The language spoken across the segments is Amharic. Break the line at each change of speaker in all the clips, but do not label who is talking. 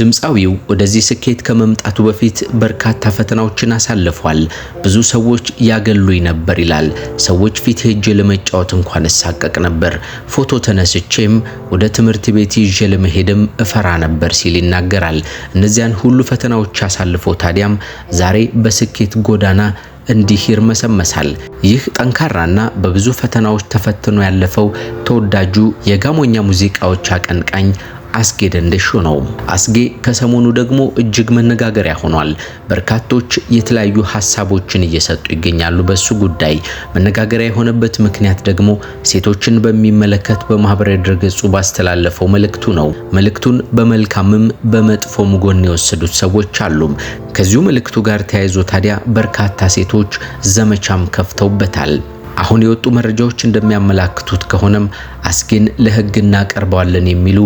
ድምፃዊው ወደዚህ ስኬት ከመምጣቱ በፊት በርካታ ፈተናዎችን አሳልፏል። ብዙ ሰዎች ያገሉኝ ነበር ይላል። ሰዎች ፊት ሄጄ ለመጫወት እንኳን እሳቀቅ ነበር። ፎቶ ተነስቼም ወደ ትምህርት ቤት ይዤ ለመሄድም እፈራ ነበር ሲል ይናገራል። እነዚያን ሁሉ ፈተናዎች አሳልፎ ታዲያም ዛሬ በስኬት ጎዳና እንዲህ ይርመሰመሳል። ይህ ጠንካራና በብዙ ፈተናዎች ተፈትኖ ያለፈው ተወዳጁ የጋሞኛ ሙዚቃዎች አቀንቃኝ አስጌ ደንደሾ ነው። አስጌ ከሰሞኑ ደግሞ እጅግ መነጋገሪያ ሆኗል። በርካቶች የተለያዩ ሀሳቦችን እየሰጡ ይገኛሉ በሱ ጉዳይ። መነጋገሪያ የሆነበት ምክንያት ደግሞ ሴቶችን በሚመለከት በማህበራዊ ድረገጹ ባስተላለፈው መልእክቱ ነው። መልእክቱን በመልካምም በመጥፎም ጎን የወሰዱት ሰዎች አሉ። ከዚሁ መልእክቱ ጋር ተያይዞ ታዲያ በርካታ ሴቶች ዘመቻም ከፍተውበታል። አሁን የወጡ መረጃዎች እንደሚያመላክቱት ከሆነም አስጌን ለሕግ እናቀርበዋለን የሚሉ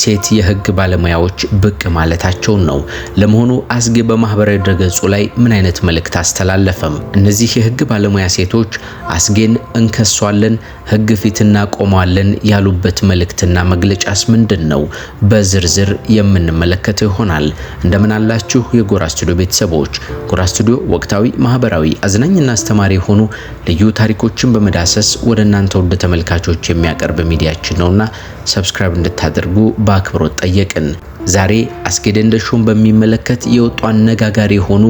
ሴት የህግ ባለሙያዎች ብቅ ማለታቸውን ነው። ለመሆኑ አስጌ በማህበራዊ ድረገጹ ላይ ምን አይነት መልእክት አስተላለፈም? እነዚህ የህግ ባለሙያ ሴቶች አስጌን እንከሷለን፣ ህግ ፊት እናቆመዋለን ያሉበት መልእክትና መግለጫስ ምንድን ነው? በዝርዝር የምንመለከተው ይሆናል። እንደምን አላችሁ የጎራ ስቱዲዮ ቤተሰቦች። ጎራ ስቱዲዮ ወቅታዊ፣ ማህበራዊ፣ አዝናኝና አስተማሪ የሆኑ ልዩ ታሪኮች ቪዲዮዎችን በመዳሰስ ወደ እናንተ ውድ ተመልካቾች የሚያቀርብ ሚዲያችን ነውና ሰብስክራይብ እንድታደርጉ በአክብሮት ጠየቅን። ዛሬ አስጌ ደንደሾን በሚመለከት የወጡ አነጋጋሪ የሆኑ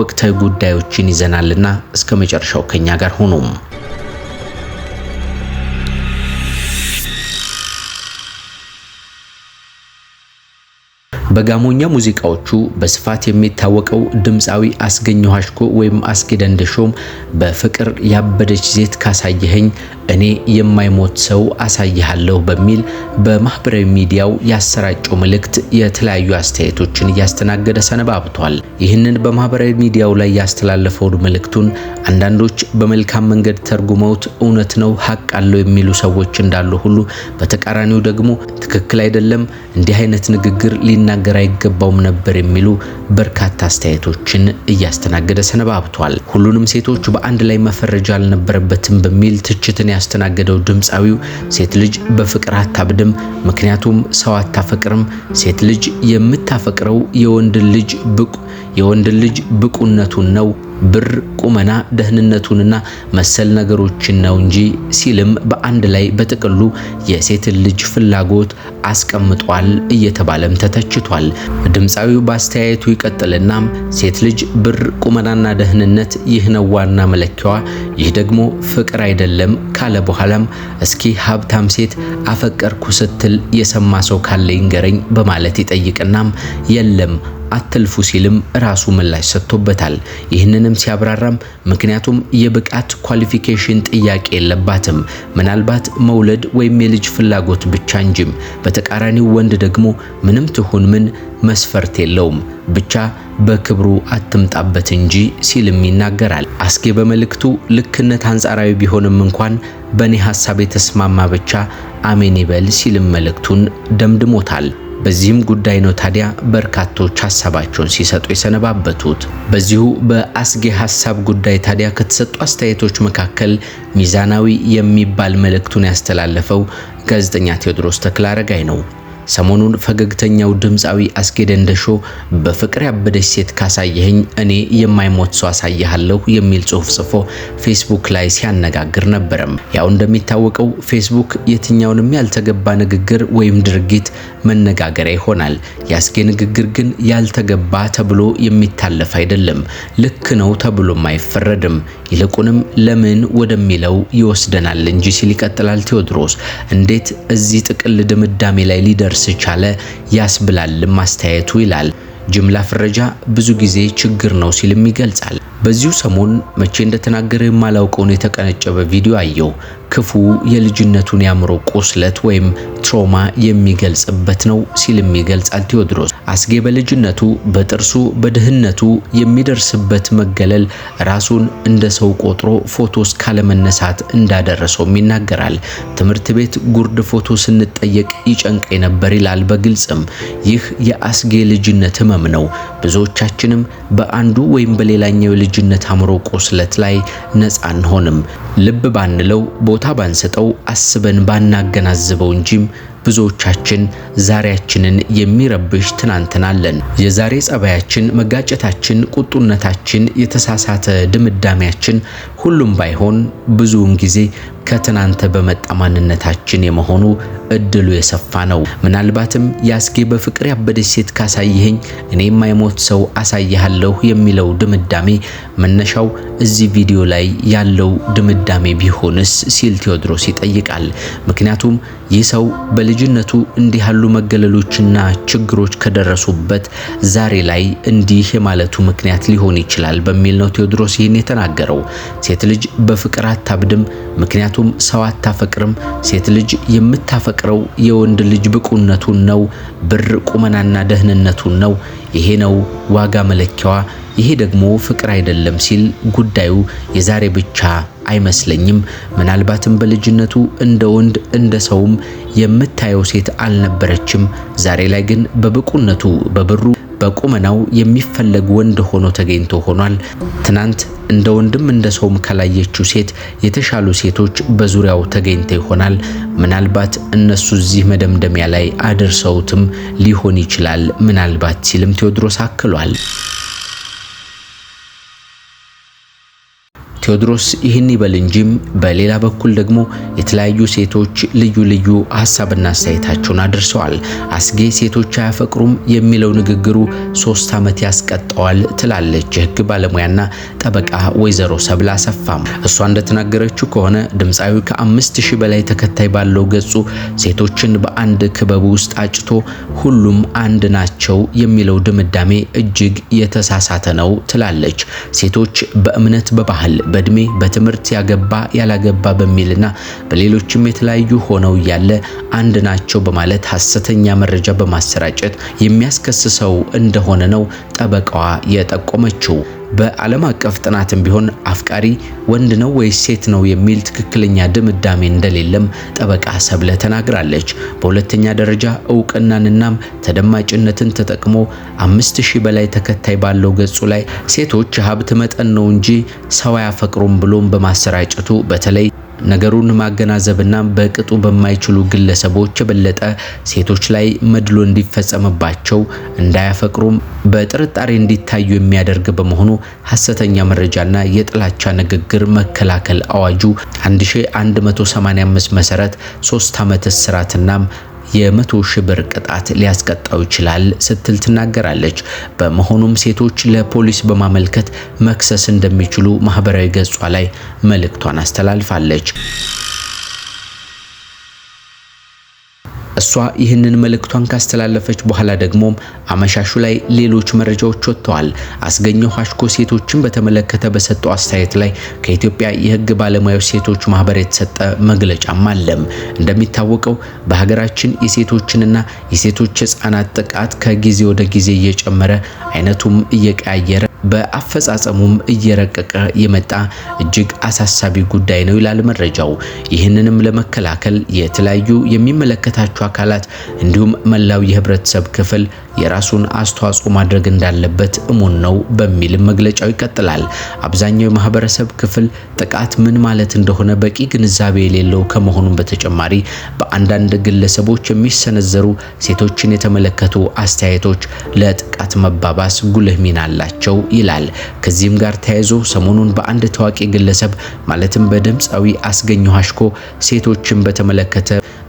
ወቅታዊ ጉዳዮችን ይዘናልና እስከ መጨረሻው ከኛ ጋር ሆኖም በጋሞኛ ሙዚቃዎቹ በስፋት የሚታወቀው ድምፃዊ አስገኘው አሽኮ ወይም አስጌ ደንደሾም በፍቅር ያበደች ሴት ካሳየኸኝ እኔ የማይሞት ሰው አሳይሃለሁ በሚል በማህበራዊ ሚዲያው ያሰራጨው መልእክት የተለያዩ አስተያየቶችን እያስተናገደ ሰነባብቷል። ይህንን በማህበራዊ ሚዲያው ላይ ያስተላለፈውን መልእክቱን አንዳንዶች በመልካም መንገድ ተርጉመውት እውነት ነው ሀቅ አለው የሚሉ ሰዎች እንዳሉ ሁሉ በተቃራኒው ደግሞ ትክክል አይደለም፣ እንዲህ አይነት ንግግር ሊና ሊናገር አይገባውም ነበር የሚሉ በርካታ አስተያየቶችን እያስተናገደ ሰነባብቷል። ሁሉንም ሴቶች በአንድ ላይ መፈረጃ አልነበረበትም በሚል ትችትን ያስተናገደው ድምፃዊው ሴት ልጅ በፍቅር አታብድም፣ ምክንያቱም ሰው አታፈቅርም። ሴት ልጅ የምታፈቅረው የወንድን ልጅ ብቁ የወንድን ልጅ ብቁነቱን ነው ብር፣ ቁመና፣ ደህንነቱንና መሰል ነገሮችን ነው እንጂ ሲልም በአንድ ላይ በጥቅሉ የሴትን ልጅ ፍላጎት አስቀምጧል እየተባለም ተተችቷል። ድምፃዊው በአስተያየቱ ይቀጥልና ሴት ልጅ ብር፣ ቁመናና ደህንነት ይህ ነው ዋና መለኪያዋ፣ ይህ ደግሞ ፍቅር አይደለም ካለ በኋላም እስኪ ሀብታም ሴት አፈቀርኩ ስትል የሰማ ሰው ካለ ይንገረኝ በማለት ይጠይቅና የለም አትልፉ ሲልም ራሱ ምላሽ ሰጥቶበታል። ይህንንም ሲያብራራም ምክንያቱም የብቃት ኳሊፊኬሽን ጥያቄ የለባትም ምናልባት መውለድ ወይም የልጅ ፍላጎት ብቻ እንጂም፣ በተቃራኒው ወንድ ደግሞ ምንም ትሁን ምን መስፈርት የለውም ብቻ በክብሩ አትምጣበት እንጂ ሲልም ይናገራል። አስጌ በመልእክቱ ልክነት አንጻራዊ ቢሆንም እንኳን በእኔ ሀሳብ የተስማማ ብቻ አሜን ይበል ሲልም መልእክቱን ደምድሞታል። በዚህም ጉዳይ ነው ታዲያ በርካቶች ሀሳባቸውን ሲሰጡ የሰነባበቱት። በዚሁ በአስጌ ሀሳብ ጉዳይ ታዲያ ከተሰጡ አስተያየቶች መካከል ሚዛናዊ የሚባል መልእክቱን ያስተላለፈው ጋዜጠኛ ቴዎድሮስ ተክለ አረጋይ ነው። ሰሞኑን ፈገግተኛው ድምፃዊ አስጌ ደንደሾ በፍቅር ያበደች ሴት ካሳየኸኝ እኔ የማይሞት ሰው አሳይሃለሁ የሚል ጽሑፍ ጽፎ ፌስቡክ ላይ ሲያነጋግር ነበረም። ያው እንደሚታወቀው ፌስቡክ የትኛውንም ያልተገባ ንግግር ወይም ድርጊት መነጋገሪያ ይሆናል። የአስጌ ንግግር ግን ያልተገባ ተብሎ የሚታለፍ አይደለም፣ ልክ ነው ተብሎም አይፈረድም። ይልቁንም ለምን ወደሚለው ይወስደናል እንጂ ሲል ይቀጥላል ቴዎድሮስ። እንዴት እዚህ ጥቅል ድምዳሜ ላይ ሊደርስ ቻለ ያስብላልም ማስተያየቱ ይላል። ጅምላ ፍረጃ ብዙ ጊዜ ችግር ነው ሲልም ይገልጻል። በዚሁ ሰሞን መቼ እንደተናገረ የማላውቀውን የተቀነጨበ ቪዲዮ አየው ክፉ የልጅነቱን ያምሮ ቁስለት ወይም ትሮማ የሚገልጽበት ነው ሲልም ይገልጻል ቴዎድሮስ። አስጌ በልጅነቱ በጥርሱ በድህነቱ የሚደርስበት መገለል ራሱን እንደ ሰው ቆጥሮ ፎቶ እስካለመነሳት እንዳደረሰውም ይናገራል። ትምህርት ቤት ጉርድ ፎቶ ስንጠየቅ ይጨንቅ ነበር ይላል በግልጽም። ይህ የአስጌ ልጅነት ህመም ነው። ብዙዎቻችንም በአንዱ ወይም በሌላኛው የልጅነት አምሮ ቁስለት ላይ ነፃ አንሆንም። ልብ ባንለው ቦታ ባንሰጠው አስበን ባናገናዝበው እንጂም ብዙዎቻችን ዛሬያችንን የሚረብሽ ትናንትና አለን። የዛሬ ጸባያችን፣ መጋጨታችን፣ ቁጡነታችን፣ የተሳሳተ ድምዳሜያችን ሁሉም ባይሆን ብዙውን ጊዜ ከትናንተ በመጣ ማንነታችን የመሆኑ እድሉ የሰፋ ነው። ምናልባትም ያስጌ በፍቅር ያበደች ሴት ካሳየኸኝ እኔ የማይሞት ሰው አሳይሃለሁ የሚለው ድምዳሜ መነሻው እዚህ ቪዲዮ ላይ ያለው ድምዳሜ ቢሆንስ ሲል ቴዎድሮስ ይጠይቃል። ምክንያቱም ይህ ሰው በ በልጅነቱ እንዲህ ያሉ መገለሎችና ችግሮች ከደረሱበት ዛሬ ላይ እንዲህ የማለቱ ምክንያት ሊሆን ይችላል በሚል ነው ቴዎድሮስ ይህን የተናገረው። ሴት ልጅ በፍቅር አታብድም፣ ምክንያቱም ሰው አታፈቅርም። ሴት ልጅ የምታፈቅረው የወንድ ልጅ ብቁነቱን ነው፣ ብር ቁመናና ደህንነቱን ነው። ይሄ ነው ዋጋ መለኪያዋ፣ ይሄ ደግሞ ፍቅር አይደለም ሲል ጉዳዩ የዛሬ ብቻ አይመስለኝም። ምናልባትም በልጅነቱ እንደ ወንድ እንደ ሰውም የምታየው ሴት አልነበረችም። ዛሬ ላይ ግን በብቁነቱ በብሩ በቁመናው የሚፈለግ ወንድ ሆኖ ተገኝቶ ሆኗል። ትናንት እንደ ወንድም እንደ ሰውም ከላየችው ሴት የተሻሉ ሴቶች በዙሪያው ተገኝተ ይሆናል። ምናልባት እነሱ እዚህ መደምደሚያ ላይ አደርሰውትም ሊሆን ይችላል ምናልባት ሲልም ቴዎድሮስ አክሏል። ቴዎድሮስ ይህን ይበል እንጂም በሌላ በኩል ደግሞ የተለያዩ ሴቶች ልዩ ልዩ ሀሳብና አስተያየታቸውን አድርሰዋል። አስጌ ሴቶች አያፈቅሩም የሚለው ንግግሩ ሶስት ዓመት ያስቀጠዋል ትላለች የህግ ባለሙያና ጠበቃ ወይዘሮ ሰብለ አሰፋም። እሷ እንደተናገረችው ከሆነ ድምፃዊ ከአምስት ሺህ በላይ ተከታይ ባለው ገጹ ሴቶችን በአንድ ክበብ ውስጥ አጭቶ ሁሉም አንድ ናቸው የሚለው ድምዳሜ እጅግ የተሳሳተ ነው ትላለች። ሴቶች በእምነት በባህል በእድሜ በትምህርት ያገባ ያላገባ በሚልና በሌሎችም የተለያዩ ሆነው እያለ አንድ ናቸው በማለት ሐሰተኛ መረጃ በማሰራጨት የሚያስከስሰው እንደሆነ ነው ጠበቃዋ የጠቆመችው። በዓለም አቀፍ ጥናትም ቢሆን አፍቃሪ ወንድ ነው ወይስ ሴት ነው የሚል ትክክለኛ ድምዳሜ እንደሌለም ጠበቃ ሰብለ ተናግራለች። በሁለተኛ ደረጃ እውቅናንናም ተደማጭነትን ተጠቅሞ አምስት ሺህ በላይ ተከታይ ባለው ገጹ ላይ ሴቶች ሀብት መጠን ነው እንጂ ሰው አያፈቅሩም ብሎም በማሰራጨቱ በተለይ ነገሩን ማገናዘብና በቅጡ በማይችሉ ግለሰቦች የበለጠ ሴቶች ላይ መድሎ እንዲፈጸምባቸው እንዳያፈቅሩም በጥርጣሬ እንዲታዩ የሚያደርግ በመሆኑ ሐሰተኛ መረጃና የጥላቻ ንግግር መከላከል አዋጁ 1185 መሰረት 3 ዓመት እስራትናም የመቶ ሺህ ብር ቅጣት ሊያስቀጣው ይችላል ስትል ትናገራለች። በመሆኑም ሴቶች ለፖሊስ በማመልከት መክሰስ እንደሚችሉ ማህበራዊ ገጿ ላይ መልእክቷን አስተላልፋለች። እሷ ይህንን መልእክቷን ካስተላለፈች በኋላ ደግሞ አመሻሹ ላይ ሌሎች መረጃዎች ወጥተዋል። አስገኘው ሀሽኮ ሴቶችን በተመለከተ በሰጠው አስተያየት ላይ ከኢትዮጵያ የህግ ባለሙያዎች ሴቶች ማህበር የተሰጠ መግለጫም አለም። እንደሚታወቀው በሀገራችን የሴቶችንና የሴቶች ህጻናት ጥቃት ከጊዜ ወደ ጊዜ እየጨመረ አይነቱም እየቀያየረ በአፈጻጸሙም እየረቀቀ የመጣ እጅግ አሳሳቢ ጉዳይ ነው ይላል መረጃው። ይህንንም ለመከላከል የተለያዩ የሚመለከታቸው አካላት እንዲሁም መላው የህብረተሰብ ክፍል የራሱን አስተዋጽኦ ማድረግ እንዳለበት እሙን ነው በሚልም መግለጫው ይቀጥላል። አብዛኛው የማህበረሰብ ክፍል ጥቃት ምን ማለት እንደሆነ በቂ ግንዛቤ የሌለው ከመሆኑም በተጨማሪ በአንዳንድ ግለሰቦች የሚሰነዘሩ ሴቶችን የተመለከቱ አስተያየቶች ለጥቃት መባባስ ጉልህ ሚና አላቸው ይላል። ከዚህም ጋር ተያይዞ ሰሞኑን በአንድ ታዋቂ ግለሰብ ማለትም በድምፃዊ አስገኘው ሀሽኮ ሴቶችን በተመለከተ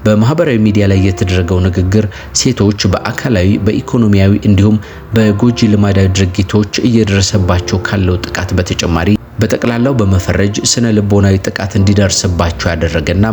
በማህበራዊ ሚዲያ ላይ የተደረገው ንግግር ሴቶች በአካላዊ በኢኮኖሚያዊ እንዲሁም በጎጂ ልማዳዊ ድርጊቶች እየደረሰባቸው ካለው ጥቃት በተጨማሪ በጠቅላላው በመፈረጅ ስነ ልቦናዊ ጥቃት እንዲደርስባቸው ያደረገና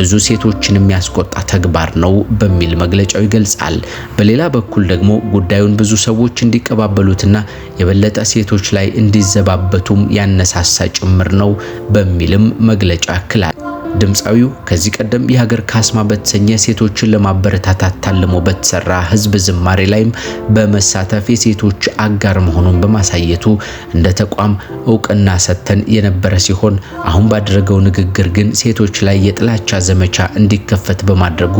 ብዙ ሴቶችን የሚያስቆጣ ተግባር ነው በሚል መግለጫው ይገልጻል። በሌላ በኩል ደግሞ ጉዳዩን ብዙ ሰዎች እንዲቀባበሉትና የበለጠ ሴቶች ላይ እንዲዘባበቱም ያነሳሳ ጭምር ነው በሚልም መግለጫ ያክላል። ድምፃዊው ከዚህ ቀደም የሀገር ካስማ በተሰኘ ሴቶችን ለማበረታታት ታልሞ በተሰራ ህዝብ ዝማሬ ላይም በመሳተፍ የሴቶች አጋር መሆኑን በማሳየቱ እንደ ተቋም እውቅና ሰጥተን የነበረ ሲሆን አሁን ባደረገው ንግግር ግን ሴቶች ላይ የጥላቻ ዘመቻ እንዲከፈት በማድረጉ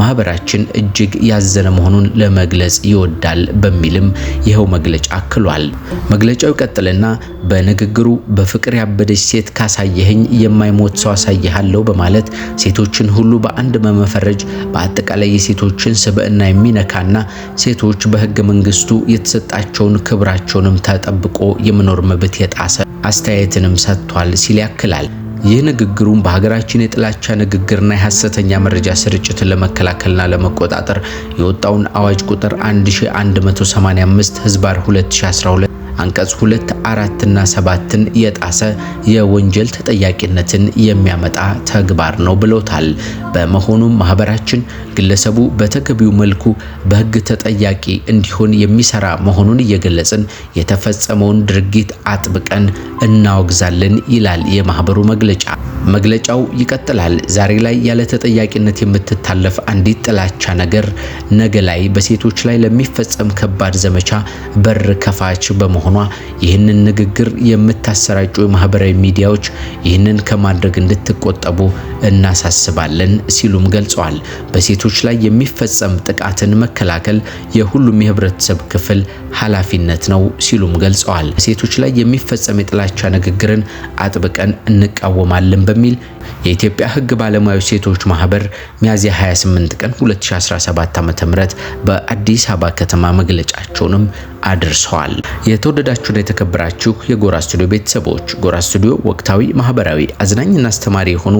ማህበራችን እጅግ ያዘነ መሆኑን ለመግለጽ ይወዳል በሚልም ይኸው መግለጫ አክሏል። መግለጫው ይቀጥልና በንግግሩ በፍቅር ያበደች ሴት ካሳየህኝ የማይሞት ሰው አሳይሃል አለው በማለት ሴቶችን ሁሉ በአንድ በመፈረጅ በአጠቃላይ የሴቶችን ስብዕና የሚነካና ሴቶች በህገ መንግስቱ የተሰጣቸውን ክብራቸውንም ተጠብቆ የመኖር መብት የጣሰ አስተያየትንም ሰጥቷል ሲል ያክላል። ይህ ንግግሩም በሀገራችን የጥላቻ ንግግርና የሐሰተኛ መረጃ ስርጭትን ለመከላከልና ለመቆጣጠር የወጣውን አዋጅ ቁጥር 1185 ህዝባር 2012 አንቀጽ ሁለት አራትና ሰባትን የጣሰ የወንጀል ተጠያቂነትን የሚያመጣ ተግባር ነው ብለውታል። በመሆኑም ማህበራችን ግለሰቡ በተገቢው መልኩ በሕግ ተጠያቂ እንዲሆን የሚሰራ መሆኑን እየገለጽን የተፈጸመውን ድርጊት አጥብቀን እናወግዛለን ይላል የማህበሩ መግለጫ። መግለጫው ይቀጥላል። ዛሬ ላይ ያለ ተጠያቂነት የምትታለፍ አንዲት ጥላቻ ነገር ነገ ላይ በሴቶች ላይ ለሚፈጸም ከባድ ዘመቻ በር ከፋች በመሆኑ በመሆኗ ይህንን ንግግር የምታሰራጩ ማህበራዊ ሚዲያዎች ይህንን ከማድረግ እንድትቆጠቡ እናሳስባለን ሲሉም ገልጸዋል። በሴቶች ላይ የሚፈጸም ጥቃትን መከላከል የሁሉም የህብረተሰብ ክፍል ኃላፊነት ነው ሲሉም ገልጸዋል። በሴቶች ላይ የሚፈጸም የጥላቻ ንግግርን አጥብቀን እንቃወማለን በሚል የኢትዮጵያ ህግ ባለሙያዎች ሴቶች ማህበር ሚያዝያ 28 ቀን 2017 ዓ.ም በአዲስ አበባ ከተማ መግለጫቸውንም አድርሰዋል። የተወደዳችሁና የተከበራችሁ የጎራ ስቱዲዮ ቤተሰቦች ጎራ ስቱዲዮ ወቅታዊ፣ ማህበራዊ፣ አዝናኝና አስተማሪ የሆኑ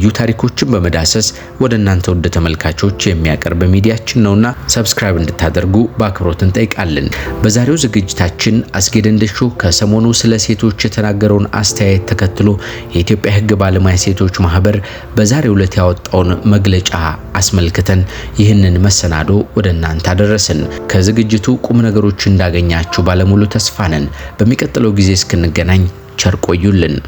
ልዩ ታሪኮችን በመዳሰስ ወደ እናንተ ወደ ተመልካቾች የሚያቀርብ ሚዲያችን ነውና ሰብስክራይብ እንድታደርጉ በአክብሮት እንጠይቃለን። በዛሬው ዝግጅታችን አስጌ ደንደሾ ከሰሞኑ ስለ ሴቶች የተናገረውን አስተያየት ተከትሎ የኢትዮጵያ ሕግ ባለሙያ ሴቶች ማህበር በዛሬው ዕለት ያወጣውን መግለጫ አስመልክተን ይህንን መሰናዶ ወደ እናንተ አደረስን። ከዝግጅቱ ቁም ነገሮች እንዳገኛችሁ ባለሙሉ ተስፋ ነን። በሚቀጥለው ጊዜ እስክንገናኝ ቸር ቆዩልን።